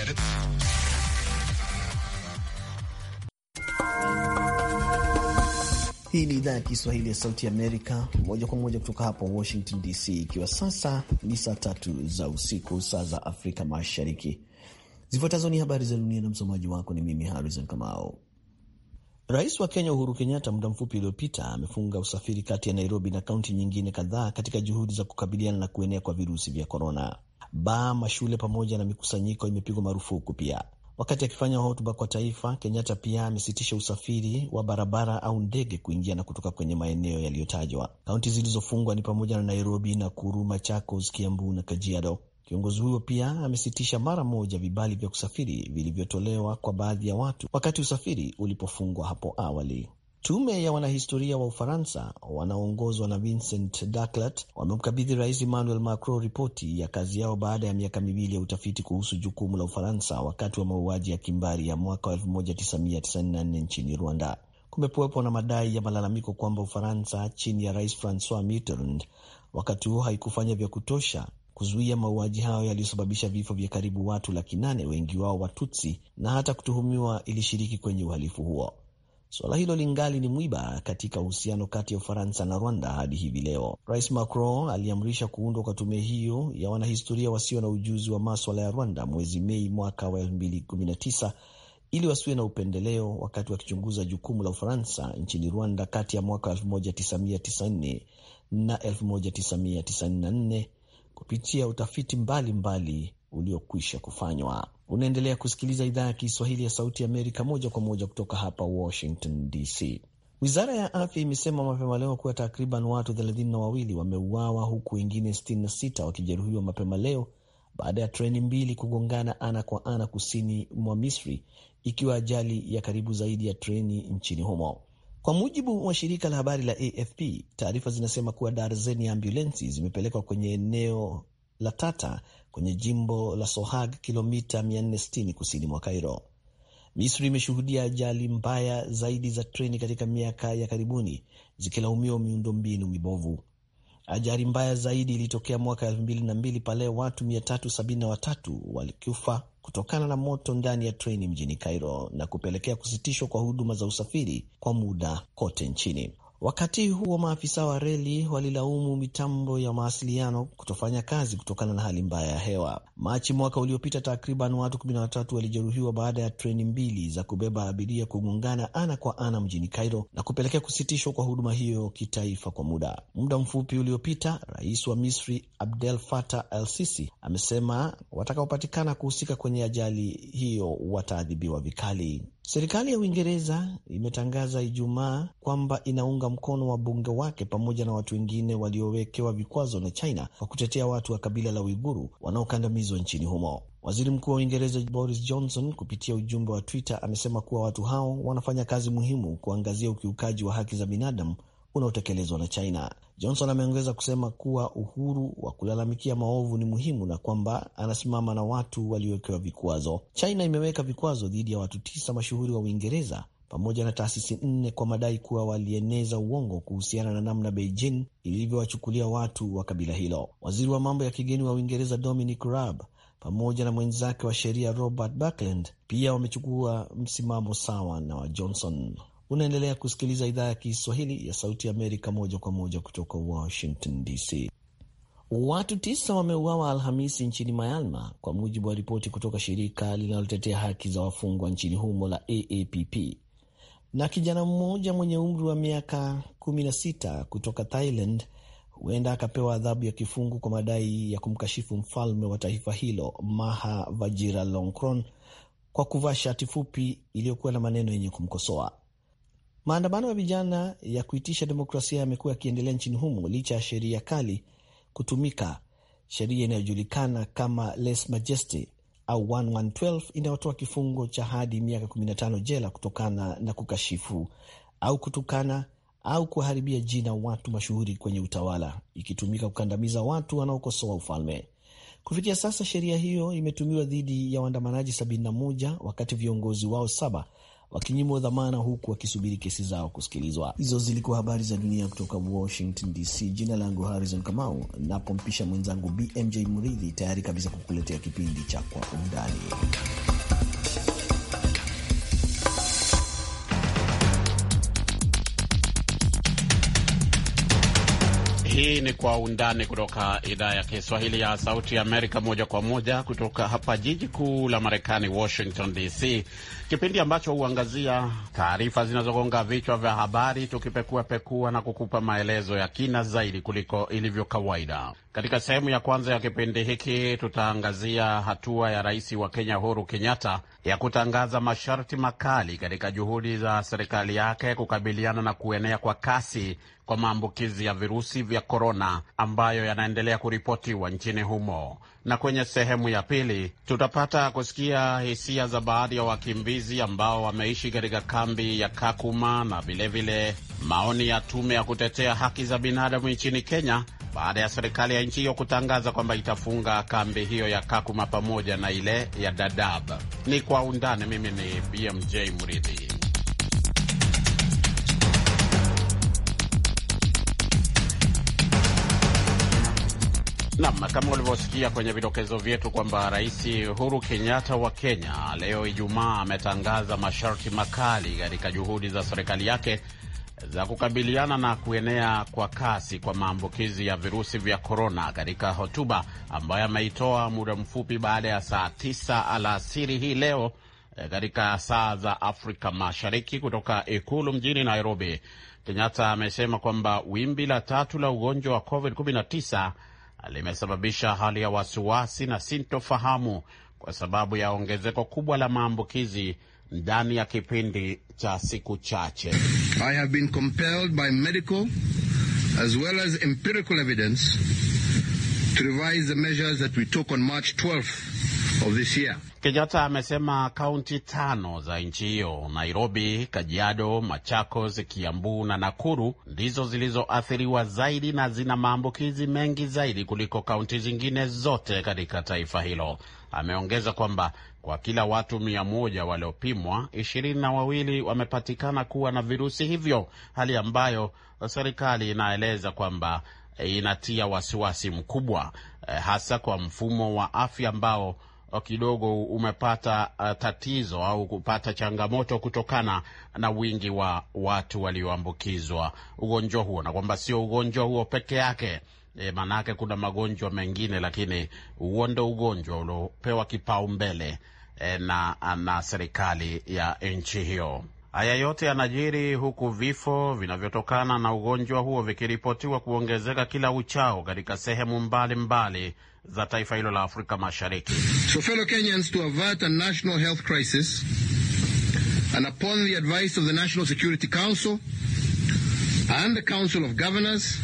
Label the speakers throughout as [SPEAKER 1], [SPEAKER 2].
[SPEAKER 1] get it.
[SPEAKER 2] Hii ni idhaa ya Kiswahili ya Sauti Amerika, moja kwa moja kutoka hapa Washington DC, ikiwa sasa ni saa tatu za usiku, saa za Afrika Mashariki. Zifuatazo ni habari za dunia, na msomaji wako ni mimi Harrison Kamao. Rais wa Kenya Uhuru Kenyatta muda mfupi uliopita amefunga usafiri kati ya Nairobi na kaunti nyingine kadhaa katika juhudi za kukabiliana na kuenea kwa virusi vya korona. Baa, mashule pamoja na mikusanyiko imepigwa marufuku pia. Wakati akifanya hotuba kwa taifa, Kenyatta pia amesitisha usafiri wa barabara au ndege kuingia na kutoka kwenye maeneo yaliyotajwa. Kaunti zilizofungwa ni pamoja na Nairobi, Nakuru, Machakos, Kiambu na Kajiado. Kiongozi huyo pia amesitisha mara moja vibali vya kusafiri vilivyotolewa kwa baadhi ya watu wakati usafiri ulipofungwa hapo awali. Tume ya wanahistoria wa Ufaransa wanaoongozwa na Vincent Daclat wamemkabidhi Rais Emmanuel Macron ripoti ya kazi yao baada ya miaka miwili ya utafiti kuhusu jukumu la Ufaransa wakati wa mauaji ya kimbari ya mwaka 1994 nchini Rwanda. Kumepuwepo na madai ya malalamiko kwamba Ufaransa chini ya Rais Francois Mitterrand wakati huo haikufanya vya kutosha kuzuia mauaji hayo yaliyosababisha vifo vya karibu watu laki nane, wengi wao Watutsi, na hata kutuhumiwa ilishiriki kwenye uhalifu huo. Suala hilo lingali ni mwiba katika uhusiano kati ya Ufaransa na Rwanda hadi hivi leo. Rais Macron aliamrisha kuundwa kwa tume hiyo ya wanahistoria wasio na ujuzi wa maswala ya Rwanda mwezi Mei mwaka wa 2019 ili wasiwe na upendeleo wakati wakichunguza jukumu la Ufaransa nchini Rwanda kati ya mwaka 1994 na 1994 kupitia utafiti mbalimbali uliokwisha kufanywa. Unaendelea kusikiliza idhaa ya Kiswahili ya Sauti Amerika moja kwa moja kutoka hapa Washington DC. Wizara ya afya imesema mapema leo kuwa takriban watu 32 wawili wameuawa huku wengine 66 wakijeruhiwa mapema leo baada ya treni mbili kugongana ana kwa ana kusini mwa Misri, ikiwa ajali ya karibu zaidi ya treni nchini humo. Kwa mujibu wa shirika la habari la AFP, taarifa zinasema kuwa darzeni ya ambulensi zimepelekwa kwenye eneo Latata kwenye jimbo la Sohag, kilomita 460 kusini mwa Cairo. Misri imeshuhudia ajali mbaya zaidi za treni katika miaka ya karibuni zikilaumiwa miundombinu mibovu. Ajali mbaya zaidi ilitokea mwaka 2002 pale watu 373 walikufa kutokana na moto ndani ya treni mjini Cairo na kupelekea kusitishwa kwa huduma za usafiri kwa muda kote nchini. Wakati huo maafisa wa reli walilaumu mitambo ya mawasiliano kutofanya kazi kutokana na hali mbaya ya hewa. Machi mwaka uliopita, takriban watu 13 walijeruhiwa baada ya treni mbili za kubeba abiria kugongana ana kwa ana mjini Cairo na kupelekea kusitishwa kwa huduma hiyo kitaifa kwa muda. Muda mfupi uliopita, rais wa Misri Abdel Fattah El Sisi amesema watakaopatikana kuhusika kwenye ajali hiyo wataadhibiwa vikali. Serikali ya Uingereza imetangaza Ijumaa kwamba inaunga mkono wabunge wake pamoja na watu wengine waliowekewa vikwazo na China kwa kutetea watu wa kabila la Uiguru wanaokandamizwa nchini humo. Waziri Mkuu wa Uingereza Boris Johnson kupitia ujumbe wa Twitter amesema kuwa watu hao wanafanya kazi muhimu kuangazia ukiukaji wa haki za binadamu unaotekelezwa na China. Johnson ameongeza kusema kuwa uhuru wa kulalamikia maovu ni muhimu na kwamba anasimama na watu waliowekewa vikwazo. China imeweka vikwazo dhidi ya watu tisa mashuhuri wa Uingereza pamoja na taasisi nne kwa madai kuwa walieneza uongo kuhusiana na namna Beijing ilivyowachukulia watu wa kabila hilo. Waziri wa mambo ya kigeni wa Uingereza Dominic Raab pamoja na mwenzake wa sheria Robert Buckland pia wamechukua msimamo sawa na wa Johnson. Unaendelea kusikiliza idhaa ya Kiswahili ya Sauti Amerika moja kwa moja kutoka Washington DC. Watu tisa wameuawa Alhamisi nchini Myanmar kwa mujibu wa ripoti kutoka shirika linalotetea haki za wafungwa nchini humo la AAPP, na kijana mmoja mwenye umri wa miaka 16 kutoka Thailand huenda akapewa adhabu ya kifungo kwa madai ya kumkashifu mfalme wa taifa hilo Maha Vajiralongkorn kwa kuvaa shati fupi iliyokuwa na maneno yenye kumkosoa. Maandamano ya vijana ya kuitisha demokrasia yamekuwa yakiendelea nchini humo licha ya sheria kali kutumika, sheria inayojulikana kama Les majeste au 112 inayotoa kifungo cha hadi miaka 15 jela kutokana na kukashifu au kutukana au kuharibia jina watu mashuhuri kwenye utawala, ikitumika kukandamiza watu wanaokosoa ufalme. Kufikia sasa sheria hiyo imetumiwa dhidi ya waandamanaji 71 wakati viongozi wao saba wakinyimwa dhamana huku wakisubiri kesi zao kusikilizwa. Hizo zilikuwa habari za dunia kutoka Washington DC. Jina langu Harrison Kamau, napompisha mwenzangu BMJ Mridhi tayari kabisa kukuletea kipindi cha Kwa Undani.
[SPEAKER 3] Hii ni Kwa Undani kutoka idhaa ya Kiswahili ya Sauti ya Amerika, moja kwa moja kutoka hapa jiji kuu la Marekani, Washington DC, kipindi ambacho huangazia taarifa zinazogonga vichwa vya habari, tukipekuapekua na kukupa maelezo ya kina zaidi kuliko ilivyo kawaida. Katika sehemu ya kwanza ya kipindi hiki, tutaangazia hatua ya rais wa Kenya huru Kenyatta ya kutangaza masharti makali katika juhudi za serikali yake kukabiliana na kuenea kwa kasi kwa maambukizi ya virusi vya korona ambayo yanaendelea kuripotiwa nchini humo. Na kwenye sehemu ya pili tutapata kusikia hisia za baadhi ya wakimbizi ambao wameishi katika kambi ya Kakuma na vilevile maoni ya tume ya kutetea haki za binadamu nchini Kenya baada ya serikali ya nchi hiyo kutangaza kwamba itafunga kambi hiyo ya Kakuma pamoja na ile ya Dadaab. Ni kwa undani. Mimi ni BMJ Muridhi. Nam, kama ulivyosikia kwenye vidokezo vyetu kwamba Rais Uhuru Kenyatta wa Kenya leo Ijumaa ametangaza masharti makali katika juhudi za serikali yake za kukabiliana na kuenea kwa kasi kwa maambukizi ya virusi vya korona, katika hotuba ambayo ameitoa muda mfupi baada ya saa tisa alasiri hii leo eh, katika saa za Afrika Mashariki kutoka ikulu mjini Nairobi. Kenyatta amesema kwamba wimbi la tatu la ugonjwa wa COVID-19 limesababisha hali ya wasiwasi na sintofahamu kwa sababu ya ongezeko kubwa la maambukizi ndani ya kipindi cha siku chache.
[SPEAKER 4] I have been compelled by medical as well as empirical evidence to revise the
[SPEAKER 3] measures that we took on March
[SPEAKER 4] 12th
[SPEAKER 3] Kenyatta amesema kaunti tano za nchi hiyo, Nairobi, Kajiado, Machakos, Kiambu na Nakuru ndizo zilizoathiriwa zaidi na zina maambukizi mengi zaidi kuliko kaunti zingine zote katika taifa hilo. Ameongeza kwamba kwa kila watu mia moja waliopimwa, ishirini na wawili wamepatikana kuwa na virusi hivyo, hali ambayo serikali inaeleza kwamba inatia wasiwasi mkubwa, eh, hasa kwa mfumo wa afya ambao Uh, kidogo umepata uh, tatizo au kupata changamoto kutokana na wingi wa watu walioambukizwa ugonjwa huo, na kwamba sio ugonjwa huo peke yake e, maanake kuna magonjwa mengine, lakini huo ndo ugonjwa uliopewa kipaumbele e, na, na serikali ya nchi hiyo. Haya yote yanajiri huku vifo vinavyotokana na ugonjwa huo vikiripotiwa kuongezeka kila uchao katika sehemu mbalimbali mbali za taifa hilo la Afrika Mashariki.
[SPEAKER 4] So fellow Kenyans, to avert a national health crisis and upon the advice of the National Security Council and the Council of Governors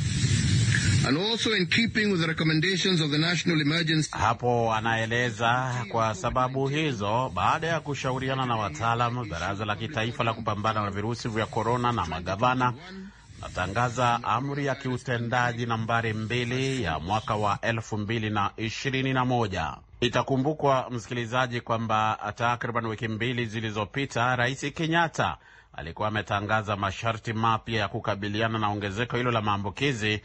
[SPEAKER 4] and also in
[SPEAKER 3] keeping with the recommendations of the National Emergency. Hapo anaeleza kwa sababu hizo, baada ya kushauriana na wataalamu, baraza la kitaifa la kupambana na virusi vya korona na magavana atangaza amri ya kiutendaji nambari mbili ya mwaka wa elfu mbili na ishirini na moja. Itakumbukwa msikilizaji, kwamba takriban wiki mbili zilizopita Rais Kenyatta alikuwa ametangaza masharti mapya ya kukabiliana na ongezeko hilo la maambukizi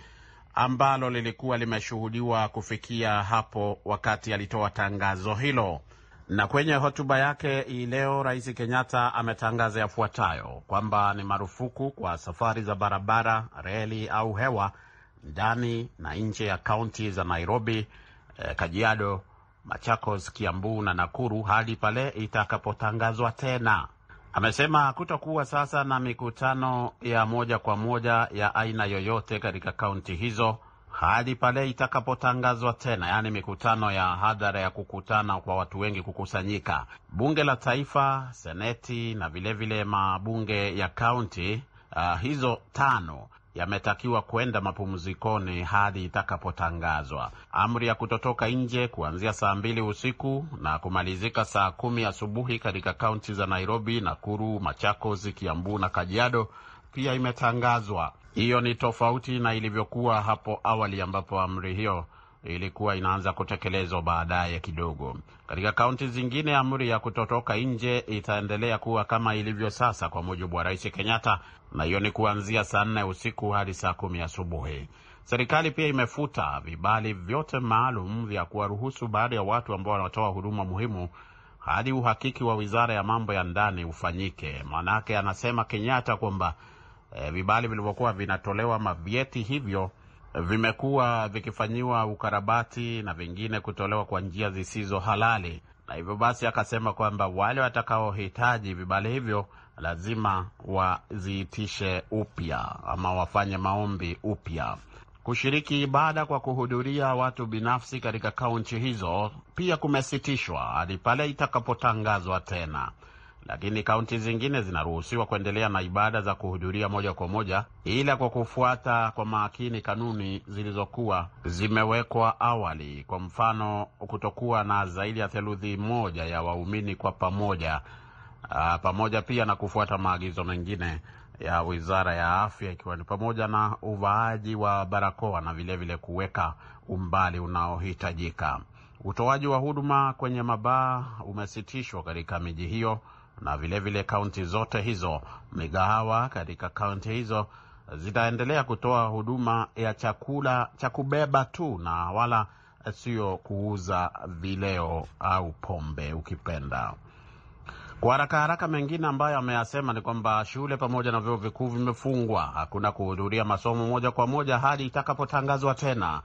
[SPEAKER 3] ambalo lilikuwa limeshuhudiwa kufikia hapo wakati alitoa tangazo hilo. Na kwenye hotuba yake hii leo, Rais Kenyatta ametangaza yafuatayo kwamba ni marufuku kwa safari za barabara, reli au hewa ndani na nje ya kaunti za Nairobi, eh, Kajiado, Machakos, Kiambu na Nakuru hadi pale itakapotangazwa tena. Amesema kutakuwa sasa na mikutano ya moja kwa moja ya aina yoyote katika kaunti hizo hadi pale itakapotangazwa tena, yaani mikutano ya hadhara ya kukutana kwa watu wengi kukusanyika. Bunge la Taifa, Seneti na vilevile vile mabunge ya kaunti uh, hizo tano yametakiwa kwenda mapumzikoni hadi itakapotangazwa amri ya kutotoka nje kuanzia saa mbili usiku na kumalizika saa kumi asubuhi katika kaunti za Nairobi, Nakuru, Machakos, Kiambu na Kajiado pia imetangazwa. Hiyo ni tofauti na ilivyokuwa hapo awali ambapo amri hiyo ilikuwa inaanza kutekelezwa baadaye kidogo. Katika kaunti zingine, amri ya kutotoka nje itaendelea kuwa kama ilivyo sasa, kwa mujibu wa Rais Kenyatta, na hiyo ni kuanzia saa nne usiku hadi saa kumi asubuhi. Serikali pia imefuta vibali vyote maalum vya kuwaruhusu baadhi ya watu ambao wanatoa huduma muhimu hadi uhakiki wa wizara ya mambo ya ndani ufanyike. Manake anasema Kenyatta kwamba e, vibali vilivyokuwa vinatolewa mavyeti hivyo e, vimekuwa vikifanyiwa ukarabati na vingine kutolewa kwa njia zisizo halali, na hivyo basi akasema kwamba wale watakaohitaji vibali hivyo lazima waziitishe upya ama wafanye maombi upya. Kushiriki ibada kwa kuhudhuria watu binafsi katika kaunti hizo pia kumesitishwa hadi pale itakapotangazwa tena lakini kaunti zingine zinaruhusiwa kuendelea na ibada za kuhudhuria moja kwa moja, ila kwa kufuata kwa makini kanuni zilizokuwa zimewekwa awali. Kwa mfano, kutokuwa na zaidi ya theluthi moja ya waumini kwa pamoja, aa, ah, pamoja pia na kufuata maagizo mengine ya Wizara ya Afya, ikiwa ni pamoja na uvaaji wa barakoa na vilevile kuweka umbali unaohitajika. Utoaji wa huduma kwenye mabaa umesitishwa katika miji hiyo na vilevile kaunti zote hizo, migahawa katika kaunti hizo zitaendelea kutoa huduma ya chakula cha kubeba tu na wala sio kuuza vileo au pombe ukipenda. Kwa haraka haraka, mengine ambayo ameyasema ni kwamba shule pamoja na vyuo vikuu vimefungwa, hakuna kuhudhuria masomo moja kwa moja hadi itakapotangazwa tena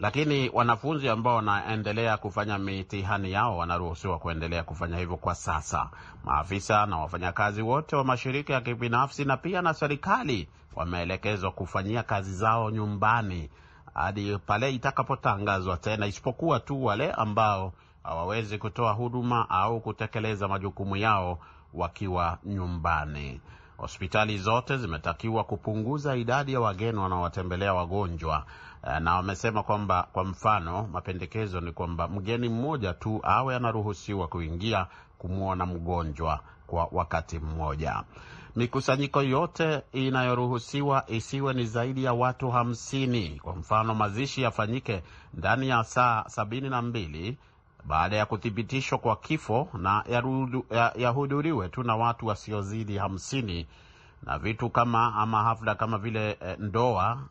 [SPEAKER 3] lakini wanafunzi ambao wanaendelea kufanya mitihani yao wanaruhusiwa kuendelea kufanya hivyo kwa sasa. Maafisa na wafanyakazi wote wa mashirika ya kibinafsi na pia na serikali wameelekezwa kufanyia kazi zao nyumbani hadi pale itakapotangazwa tena, isipokuwa tu wale ambao hawawezi kutoa huduma au kutekeleza majukumu yao wakiwa nyumbani. Hospitali zote zimetakiwa kupunguza idadi ya wageni wanaowatembelea wagonjwa Eh, na wamesema kwamba kwa mfano, mapendekezo ni kwamba mgeni mmoja tu awe anaruhusiwa kuingia kumwona mgonjwa kwa wakati mmoja. Mikusanyiko yote inayoruhusiwa isiwe ni zaidi ya watu hamsini. Kwa mfano, mazishi yafanyike ndani ya saa sabini na mbili baada ya kuthibitishwa kwa kifo na yahudhuriwe tu na watu wasiozidi hamsini na vitu kama ama hafla kama vile eh, ndoa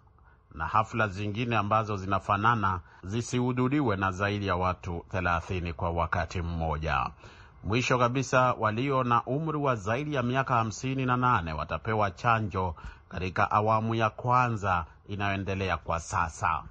[SPEAKER 3] na hafla zingine ambazo zinafanana zisihudhuriwe na zaidi ya watu 30 kwa wakati mmoja. Mwisho kabisa, walio na umri wa zaidi ya miaka 58 watapewa chanjo katika awamu ya kwanza inayoendelea kwa sasa.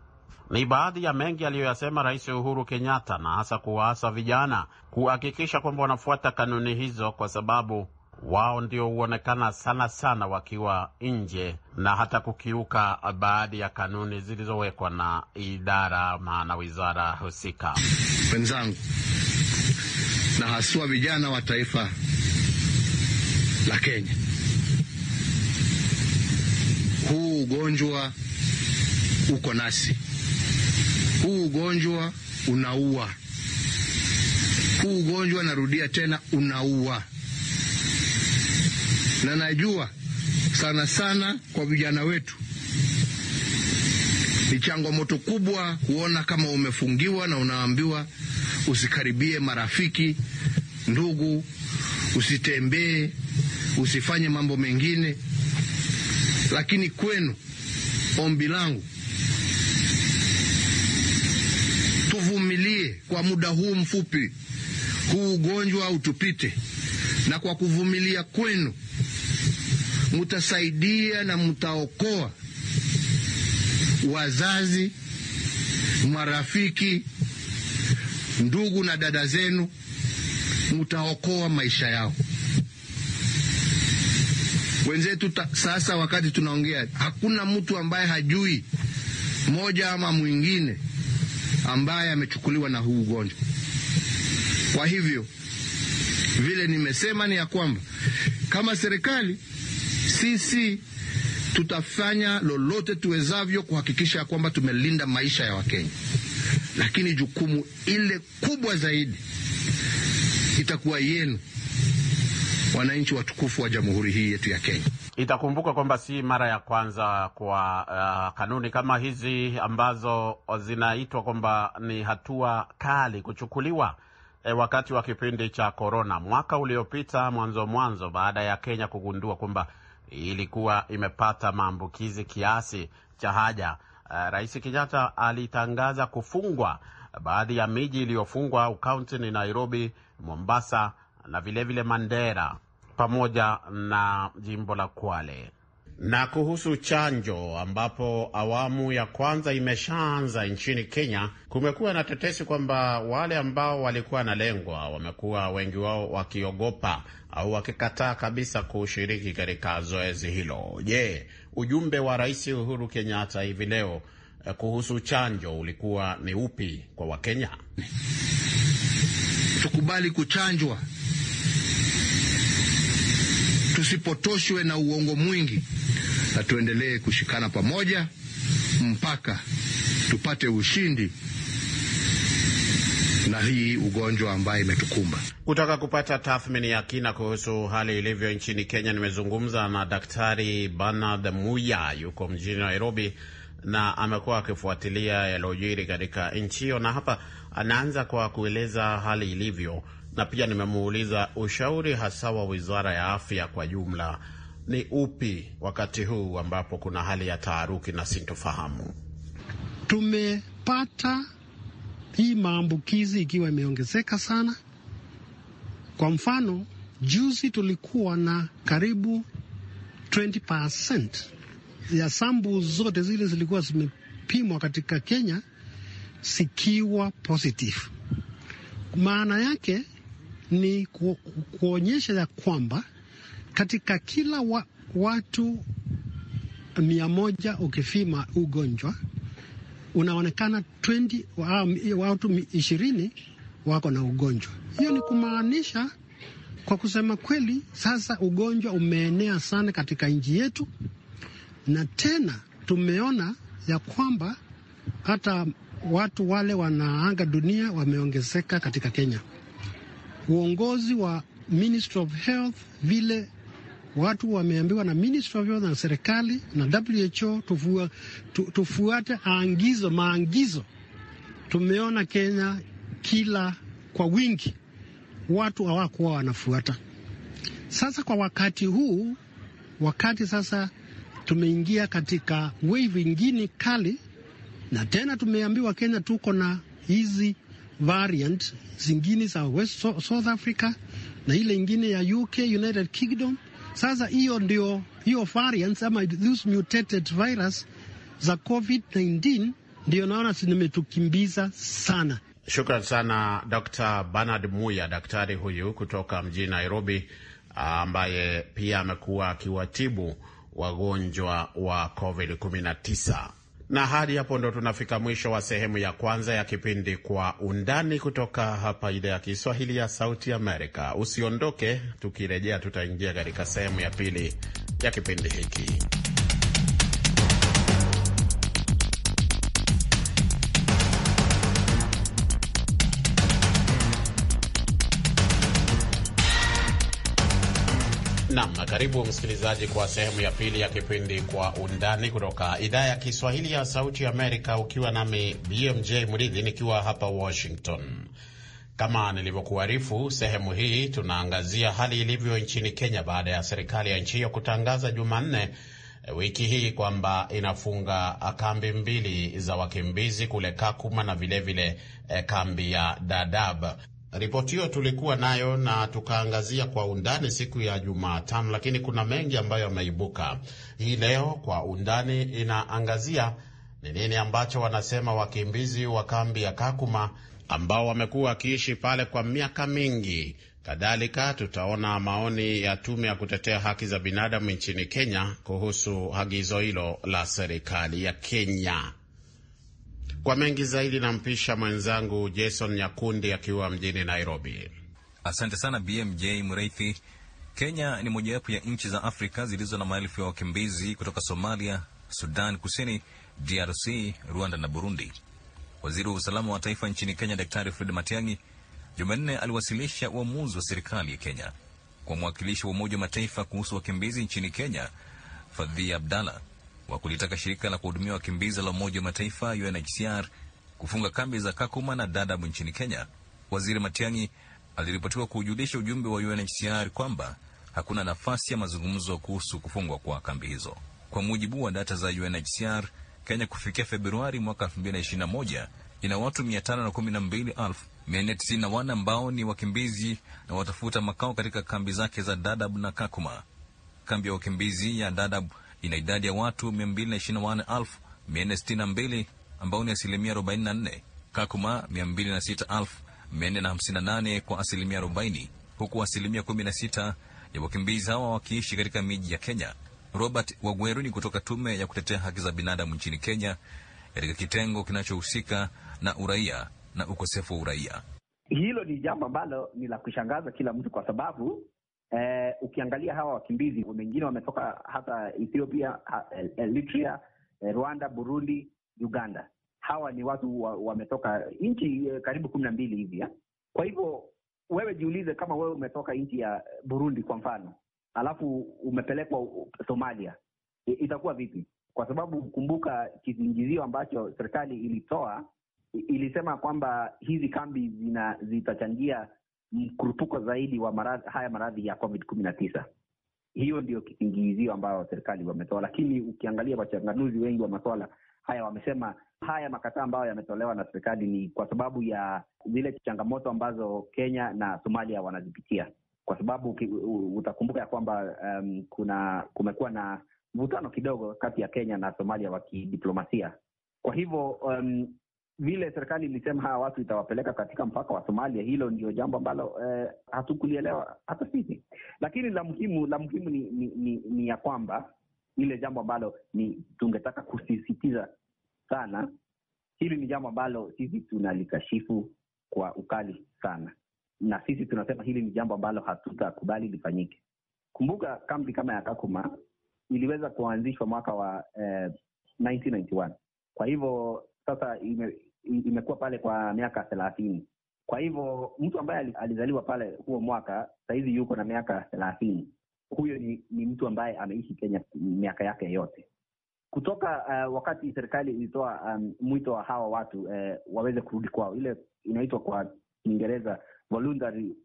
[SPEAKER 3] Ni baadhi ya mengi aliyoyasema Rais Uhuru Kenyatta, na hasa kuwaasa vijana kuhakikisha kwamba wanafuata kanuni hizo kwa sababu wao ndio huonekana sana sana wakiwa nje na hata kukiuka baadhi ya kanuni zilizowekwa na idara maana wizara husika. Wenzangu na haswa vijana wa taifa la Kenya,
[SPEAKER 4] huu ugonjwa uko nasi, huu ugonjwa unaua, huu ugonjwa, narudia tena, unaua na najua sana sana kwa vijana wetu ni changamoto kubwa kuona kama umefungiwa na unaambiwa usikaribie marafiki, ndugu, usitembee, usifanye mambo mengine. Lakini kwenu, ombi langu tuvumilie kwa muda huu mfupi, huu ugonjwa utupite, na kwa kuvumilia kwenu mutasaidia na mtaokoa wazazi, marafiki, ndugu na dada zenu, mutaokoa maisha yao wenzetu. Sasa wakati tunaongea, hakuna mtu ambaye hajui moja ama mwingine ambaye amechukuliwa na huu ugonjwa. Kwa hivyo vile nimesema ni ya kwamba kama serikali sisi tutafanya lolote tuwezavyo kuhakikisha ya kwamba tumelinda maisha ya Wakenya, lakini jukumu ile kubwa zaidi
[SPEAKER 3] itakuwa yenu, wananchi watukufu wa jamhuri hii yetu ya Kenya. Itakumbuka kwamba si mara ya kwanza kwa uh, kanuni kama hizi ambazo zinaitwa kwamba ni hatua kali kuchukuliwa e, wakati wa kipindi cha korona mwaka uliopita mwanzo mwanzo, baada ya Kenya kugundua kwamba ilikuwa imepata maambukizi kiasi cha haja. Uh, Rais Kenyatta alitangaza kufungwa baadhi ya miji iliyofungwa au kaunti ni Nairobi, Mombasa na vilevile vile Mandera pamoja na jimbo la Kwale. Na kuhusu chanjo, ambapo awamu ya kwanza imeshaanza nchini Kenya, kumekuwa na tetesi kwamba wale ambao walikuwa na lengwa wamekuwa wengi wao wakiogopa au wakikataa kabisa kushiriki katika zoezi hilo. Je, ujumbe wa Rais Uhuru Kenyatta hivi leo eh, kuhusu chanjo ulikuwa ni upi kwa Wakenya? Tukubali kuchanjwa,
[SPEAKER 4] tusipotoshwe na uongo mwingi na tuendelee kushikana pamoja mpaka tupate
[SPEAKER 3] ushindi na hii ugonjwa ambaye imetukumba. Kutaka kupata tathmini ya kina kuhusu hali ilivyo nchini Kenya, nimezungumza na Daktari Bernard Muya, yuko mjini Nairobi na amekuwa akifuatilia yaliyojiri katika nchi hiyo, na hapa anaanza kwa kueleza hali ilivyo, na pia nimemuuliza ushauri hasa wa wizara ya afya kwa jumla ni upi wakati huu ambapo kuna hali ya taharuki na sintofahamu?
[SPEAKER 5] Tumepata hii maambukizi ikiwa imeongezeka sana. Kwa mfano, juzi tulikuwa na karibu 20% ya sambu zote zile zilikuwa zimepimwa katika Kenya zikiwa positive. Maana yake ni ku, kuonyesha ya kwamba katika kila wa, watu mia moja ukifima ugonjwa unaonekana 20 um, watu ishirini wako na ugonjwa. Hiyo ni kumaanisha, kwa kusema kweli, sasa ugonjwa umeenea sana katika nchi yetu, na tena tumeona ya kwamba hata watu wale wanaaga dunia wameongezeka katika Kenya. Uongozi wa Ministry of Health vile watu wameambiwa na Ministry of Health na serikali na WHO tufua, tu, tufuate aangizo maangizo. Tumeona Kenya kila kwa wingi watu hawakuwa wanafuata. Sasa kwa wakati huu, wakati sasa tumeingia katika wave ingine kali, na tena tumeambiwa Kenya tuko na hizi variant zingine za West South Africa na ile ingine ya UK, United Kingdom sasa hiyo ndio hiyo variants ama this mutated virus za COVID-19 ndio naona zimetukimbiza sana.
[SPEAKER 3] Shukran sana Dr. Bernard Muya, daktari huyu kutoka mjini Nairobi ah, ambaye pia amekuwa akiwatibu wagonjwa wa COVID-19. Na hadi hapo ndo tunafika mwisho wa sehemu ya kwanza ya kipindi Kwa Undani kutoka hapa idhaa ya Kiswahili ya Sauti Amerika. Usiondoke, tukirejea tutaingia katika sehemu ya pili ya kipindi hiki. Nam, karibu msikilizaji kwa sehemu ya pili ya kipindi Kwa Undani kutoka idhaa ya Kiswahili ya Sauti ya Amerika, ukiwa nami BMJ Mridhi nikiwa hapa Washington. Kama nilivyokuarifu, sehemu hii tunaangazia hali ilivyo nchini Kenya baada ya serikali ya nchi hiyo kutangaza Jumanne eh, wiki hii kwamba inafunga kambi mbili za wakimbizi kule Kakuma na vilevile vile, eh, kambi ya Dadaab Ripoti hiyo tulikuwa nayo na tukaangazia kwa undani siku ya Jumatano, lakini kuna mengi ambayo yameibuka hii leo. Kwa undani inaangazia ni nini ambacho wanasema wakimbizi wa kambi ya Kakuma ambao wamekuwa wakiishi pale kwa miaka mingi. Kadhalika tutaona maoni ya tume ya kutetea haki za binadamu nchini Kenya kuhusu agizo hilo la serikali ya Kenya. Kwa mengi zaidi, nampisha mwenzangu Jason Nyakundi akiwa mjini Nairobi.
[SPEAKER 1] Asante sana BMJ Mreithi. Kenya ni mojawapo ya nchi za Afrika zilizo na maelfu ya wakimbizi kutoka Somalia, Sudan Kusini, DRC, Rwanda na Burundi. Waziri wa usalama wa taifa nchini Kenya, Daktari Fred Matiang'i, Jumanne aliwasilisha uamuzi wa serikali ya Kenya kwa mwakilishi wa Umoja wa Mataifa kuhusu wakimbizi nchini Kenya, Fadhia Abdalla, wa kulitaka shirika la kuhudumia wakimbizi la Umoja wa Mataifa UNHCR kufunga kambi za Kakuma na Dadaab nchini Kenya. Waziri Matiang'i aliripotiwa kuujulisha ujumbe wa UNHCR kwamba hakuna nafasi ya mazungumzo kuhusu kufungwa kwa kambi hizo. Kwa mujibu wa data za UNHCR, Kenya kufikia Februari mwaka 2021 ina watu 512,491 ambao ni wakimbizi na watafuta makao katika kambi zake za Dadaab na Kakuma. Kambi ya wakimbizi ya Dadaab ina idadi ya watu 224,462 ambao ni asilimia 44, Kakuma 206,458 kwa asilimia 40, huku asilimia 16 ya wakimbizi hawa wakiishi katika miji ya Kenya. Robert Wagweru ni kutoka tume ya kutetea haki za binadamu nchini Kenya katika kitengo kinachohusika na uraia na ukosefu wa uraia.
[SPEAKER 6] Hilo ni jambo ambalo ni la kushangaza kila mtu, kwa sababu eh, ukiangalia hawa wakimbizi wengine wametoka hata Ethiopia, Eritrea, eh, Rwanda, Burundi, Uganda. Hawa ni watu wametoka wa nchi eh, karibu kumi na mbili hivi. Kwa hivyo wewe jiulize, kama wewe umetoka nchi ya Burundi kwa mfano, alafu umepelekwa Somalia, itakuwa vipi? Kwa sababu kumbuka kisingizio ambacho serikali ilitoa ilisema kwamba hizi kambi zina zitachangia mkurupuko zaidi wa maradhi, haya maradhi ya covid kumi na tisa. Hiyo ndio kisingizio ambayo serikali wametoa, lakini ukiangalia wachanganuzi wengi wa maswala haya wamesema haya makataa ambayo yametolewa na serikali ni kwa sababu ya zile changamoto ambazo Kenya na Somalia wanazipitia, kwa sababu utakumbuka ya kwamba um, kuna kumekuwa na mvutano kidogo kati ya Kenya na Somalia wa kidiplomasia. Kwa hivyo um, vile serikali ilisema hawa watu itawapeleka katika mpaka wa Somalia, hilo ndio jambo ambalo eh, hatukulielewa hata sisi. Lakini la muhimu la muhimu ni, ni, ni, ni ya kwamba ile jambo ambalo ni tungetaka kusisitiza sana, hili ni jambo ambalo sisi tunalikashifu kwa ukali sana, na sisi tunasema hili ni jambo ambalo hatutakubali lifanyike. Kumbuka kambi kama ya Kakuma iliweza kuanzishwa mwaka wa eh, 1991 kwa hivyo sasa imekuwa pale kwa miaka thelathini. Kwa hivyo mtu ambaye alizaliwa pale huo mwaka sahizi yuko na miaka thelathini, huyo ni, ni mtu ambaye ameishi Kenya miaka yake yote kutoka uh, wakati serikali ilitoa um, mwito wa hawa watu uh, waweze kurudi kwao, ile inaitwa kwa Kiingereza voluntary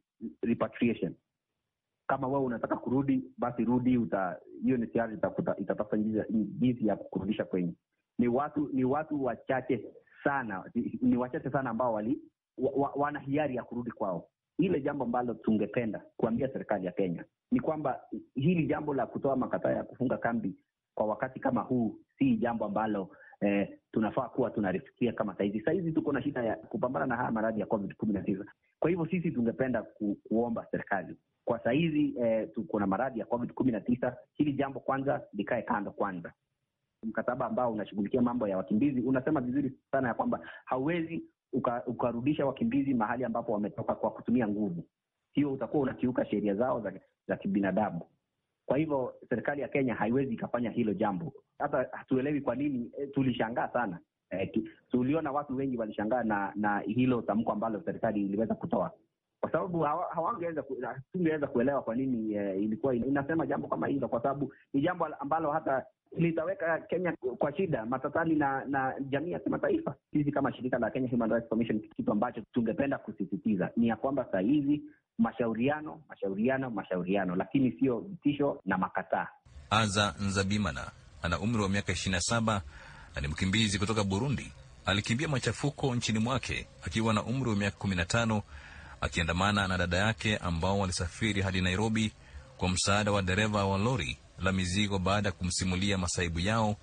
[SPEAKER 6] repatriation. Kama wewe unataka kurudi, basi rudi, uta UNHCR itatafuta jinsi ya kukurudisha kwenye. Ni watu ni watu wachache sana, ni, wachache sana ambao wali wa, wa, wana hiari ya kurudi kwao. Ile jambo ambalo tungependa kuambia serikali ya Kenya ni kwamba hili jambo la kutoa makataa ya kufunga kambi kwa wakati kama huu si jambo ambalo eh, tunafaa kuwa tunarifikia kama sahizi. Sahizi tuko na shida ya kupambana na haya maradhi ya COVID kumi na tisa. Kwa hivyo sisi tungependa ku, kuomba serikali kwa sahizi eh, tuko na maradhi ya COVID kumi na tisa. Hili jambo kwanza likae kando kwanza, mkataba ambao unashughulikia mambo ya wakimbizi unasema vizuri sana ya kwamba hauwezi ukarudisha uka wakimbizi mahali ambapo wametoka kwa kutumia nguvu. Hiyo utakuwa unakiuka sheria zao za, za kibinadamu. Kwa hivyo serikali ya Kenya haiwezi ikafanya hilo jambo. Hata hatuelewi kwa nini e, tulishangaa sana e, tuliona watu wengi walishangaa na na hilo tamko ambalo serikali iliweza kutoa, kwa sababu hawangeweza hatungeweza kuelewa kwa nini e, ilikuwa inasema jambo kama hilo, kwa sababu ni jambo ambalo hata litaweka Kenya kwa shida matatani na na jamii ya kimataifa. Sisi kama shirika la Kenya Human Rights Commission, kitu ambacho tungependa kusisitiza ni ya kwamba saa hizi mashauriano, mashauriano, mashauriano, lakini sio vitisho na makataa.
[SPEAKER 1] Aza Nzabimana ana umri wa miaka ishirini na saba na ni mkimbizi kutoka Burundi. Alikimbia machafuko nchini mwake akiwa na umri wa miaka kumi na tano akiandamana na dada yake ambao walisafiri hadi Nairobi kwa msaada wa dereva wa lori la mizigo baada ya kumsimulia masaibu yao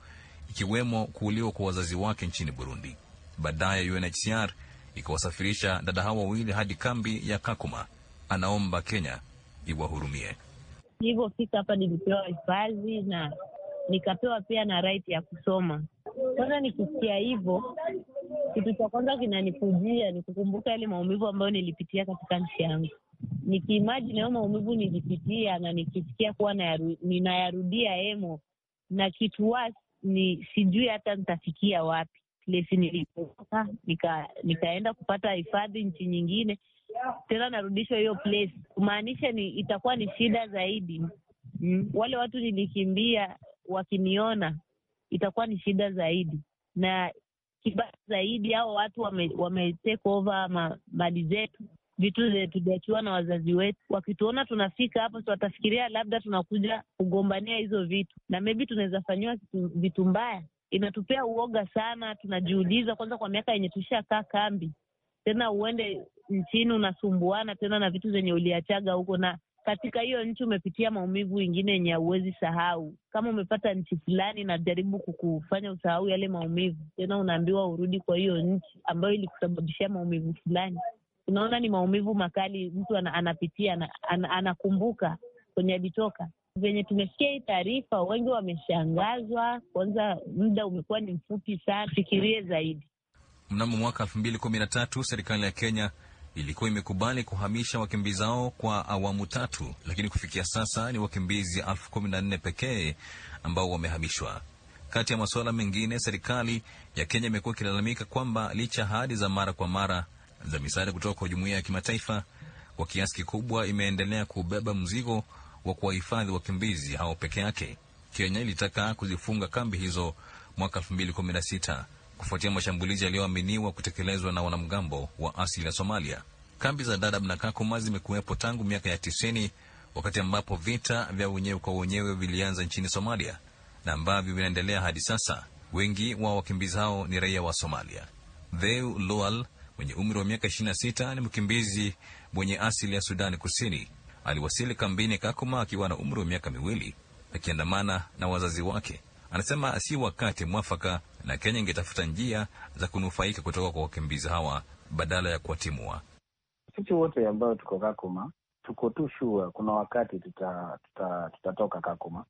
[SPEAKER 1] ikiwemo kuuliwa kwa wazazi wake nchini Burundi. Baadaye UNHCR ikawasafirisha dada hawa wawili hadi kambi ya Kakuma. Anaomba Kenya iwahurumie.
[SPEAKER 7] Nilivyofika hapa nilipewa hifadhi na nikapewa pia na right ya kusoma. Kwanza nikisikia hivyo, kitu cha kwanza kinanikujia ni kukumbuka yale maumivu ambayo nilipitia katika nchi yangu nikiimajini hayo maumivu nilipitia na nikisikia kuwa nayaru, ninayarudia emo na kitu wasi ni sijui hata nitafikia wapi plesi nilipotoka nika, nikaenda kupata hifadhi nchi nyingine tena narudishwa hiyo place, kumaanisha ni itakuwa ni shida zaidi mm. Wale watu nilikimbia wakiniona itakuwa ni shida zaidi, na kibaa zaidi hao watu wame, wame take over ma, mali zetu vitu tuliachiwa na wazazi wetu. Wakituona tunafika hapo, si watafikiria labda tunakuja kugombania hizo vitu, na maybe tunaweza fanyiwa vitu mbaya. Inatupea uoga sana, tunajiuliza kwanza, kwa miaka yenye tushakaa kambi, tena uende nchini unasumbuana tena na vitu zenye uliachaga huko na katika hiyo nchi umepitia maumivu ingine yenye hauwezi sahau. Kama umepata nchi fulani inajaribu kukufanya usahau yale maumivu, tena unaambiwa urudi kwa hiyo nchi ambayo ilikusababishia maumivu fulani unaona ni maumivu makali mtu anapitia, anakumbuka kwenye alitoka. Venye tumesikia hii taarifa, wengi wameshangazwa. Kwanza muda umekuwa ni mfupi sana, fikirie zaidi.
[SPEAKER 1] Mnamo mwaka elfu mbili kumi na tatu serikali ya Kenya ilikuwa imekubali kuhamisha wakimbizi hao kwa awamu tatu, lakini kufikia sasa ni wakimbizi elfu kumi na nne pekee ambao wamehamishwa. Kati ya masuala mengine, serikali ya Kenya imekuwa ikilalamika kwamba licha ahadi za mara kwa mara za misaada kutoka kwa jumuiya ya kimataifa kwa kiasi kikubwa imeendelea kubeba mzigo wa kuwahifadhi wakimbizi hao peke yake. Kenya ilitaka kuzifunga kambi hizo mwaka 2016 kufuatia mashambulizi yaliyoaminiwa kutekelezwa na wanamgambo wa asili ya Somalia. Kambi za Dadaab na Kakuma zimekuwepo tangu miaka ya tisini, wakati ambapo vita vya wenyewe kwa wenyewe vilianza nchini Somalia na ambavyo vinaendelea hadi sasa. Wengi wa wakimbizi hao ni raia wa Somalia. Lual mwenye umri wa miaka 26 ni mkimbizi mwenye asili ya Sudani Kusini. Aliwasili kambini Kakuma akiwa na umri wa miaka miwili akiandamana na wazazi wake. Anasema si wakati mwafaka na Kenya ingetafuta njia za kunufaika kutoka kwa wakimbizi hawa badala ya kuwatimua.
[SPEAKER 6] Sisi wote ambayo tuko Kakuma tuko tu shua, kuna wakati tutatoka tuta, tuta Kakuma,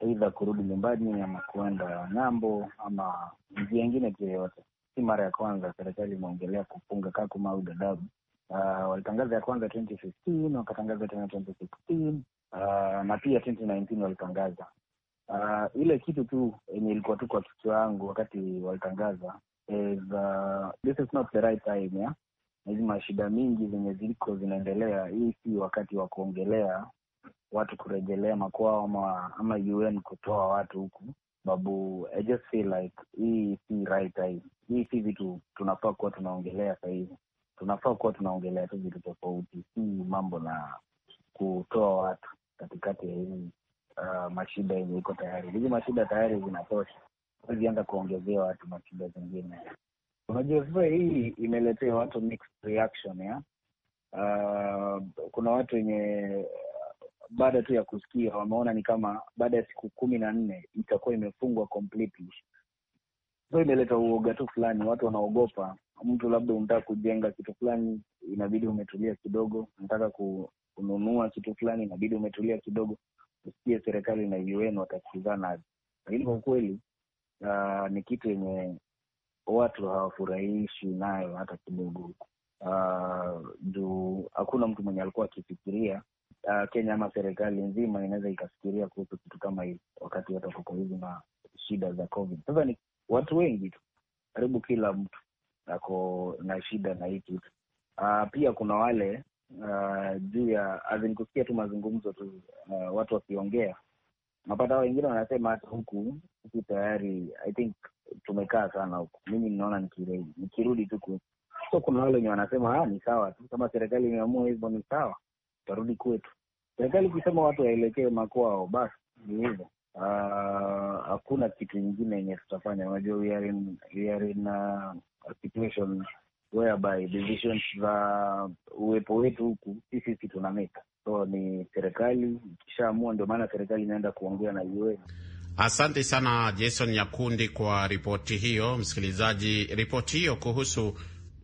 [SPEAKER 6] eidha kurudi nyumbani ama kuenda ng'ambo ama njia ingine yoyote si mara ya kwanza serikali imeongelea kufunga Kakuma au Dadaab. Uh, walitangaza ya kwanza 2015 wakatangaza tena 2016 uh, ah, na pia 2019 walitangaza uh, ile kitu tu yenye ilikuwa tu kwa kichwa yangu wakati walitangaza is uh, this is not the right time yeah? hizi mashida mingi zenye ziliko zinaendelea, hii si wakati wa kuongelea watu kurejelea makwao ama, ama UN kutoa watu huku sababu I just feel like hii si right time, hii si vitu tunafaa kuwa tunaongelea sahizi. Tunafaa kuwa tunaongelea tu vitu tofauti, si mambo na kutoa watu katikati ya hii uh, mashida yenye iko tayari. Hizi mashida tayari zinatosha, ezianza kuongezea watu mashida zingine. Unajua, sasa hii imeletea watu mixed reaction ya uh, kuna watu wenye baada tu ya kusikia wameona ni kama baada ya siku kumi na nne itakuwa imefungwa completely. So imeleta uoga tu fulani, watu wanaogopa. Mtu labda unataka kujenga kitu fulani, inabidi umetulia kidogo. Unataka kununua kitu fulani, inabidi umetulia kidogo, usikie serikali na UN watasikizana. Lakini kwa kweli uh, ni kitu yenye watu hawafurahishi nayo hata kidogo, ah, juu hakuna mtu mwenye alikuwa akifikiria uh, Kenya ama serikali nzima inaweza ikafikiria kuhusu kitu kama hili wakati watu wako hizi na shida za COVID. Sasa ni watu wengi tu, karibu kila mtu ako na shida na hii kitu uh, pia kuna wale uh, juu ya kusikia tu mazungumzo tu uh, watu wakiongea napata wengine wanasema hata huku sisi tayari I think tumekaa sana huku. Mimi ninaona nikirudi tuku, so kuna wale wenye wanasema ah, ni sawa tu, kama serikali imeamua hivyo ni sawa, tutarudi kwetu. Serikali ikisema watu waelekee makwao, basi ni hivyo. Ah, hakuna kitu ingine yenye tutafanya. Unajua, we are in, we are in a situation whereby decisions za uwepo wetu huku sisi si tunameka, so ni serikali ikishaamua, ndio maana serikali inaenda kuongea na UN.
[SPEAKER 3] Asante sana Jason Nyakundi kwa ripoti hiyo. Msikilizaji, ripoti hiyo kuhusu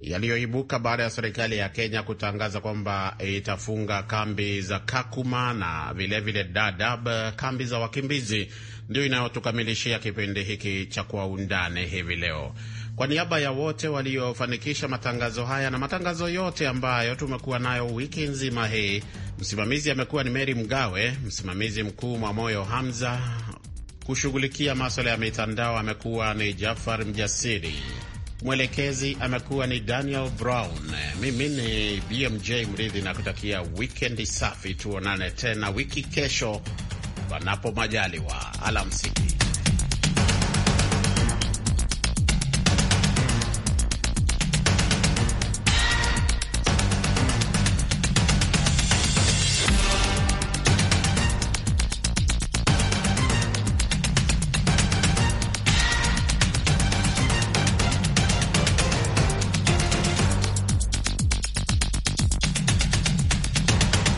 [SPEAKER 3] yaliyoibuka baada ya serikali ya Kenya kutangaza kwamba itafunga kambi za Kakuma na vilevile vile Dadaab, kambi za wakimbizi, ndio inayotukamilishia kipindi hiki cha Kwa Undani hivi leo. Kwa niaba ya wote waliofanikisha matangazo haya na matangazo yote ambayo tumekuwa nayo wiki nzima hii, msimamizi amekuwa ni Meri Mgawe, msimamizi mkuu Mwamoyo Hamza, kushughulikia maswala ya mitandao amekuwa ni Jafar Mjasiri. Mwelekezi amekuwa ni Daniel Brown. Mimi ni BMJ Mridhi na kutakia wikendi safi. Tuonane tena wiki kesho, panapo majaliwa. Alamsiki.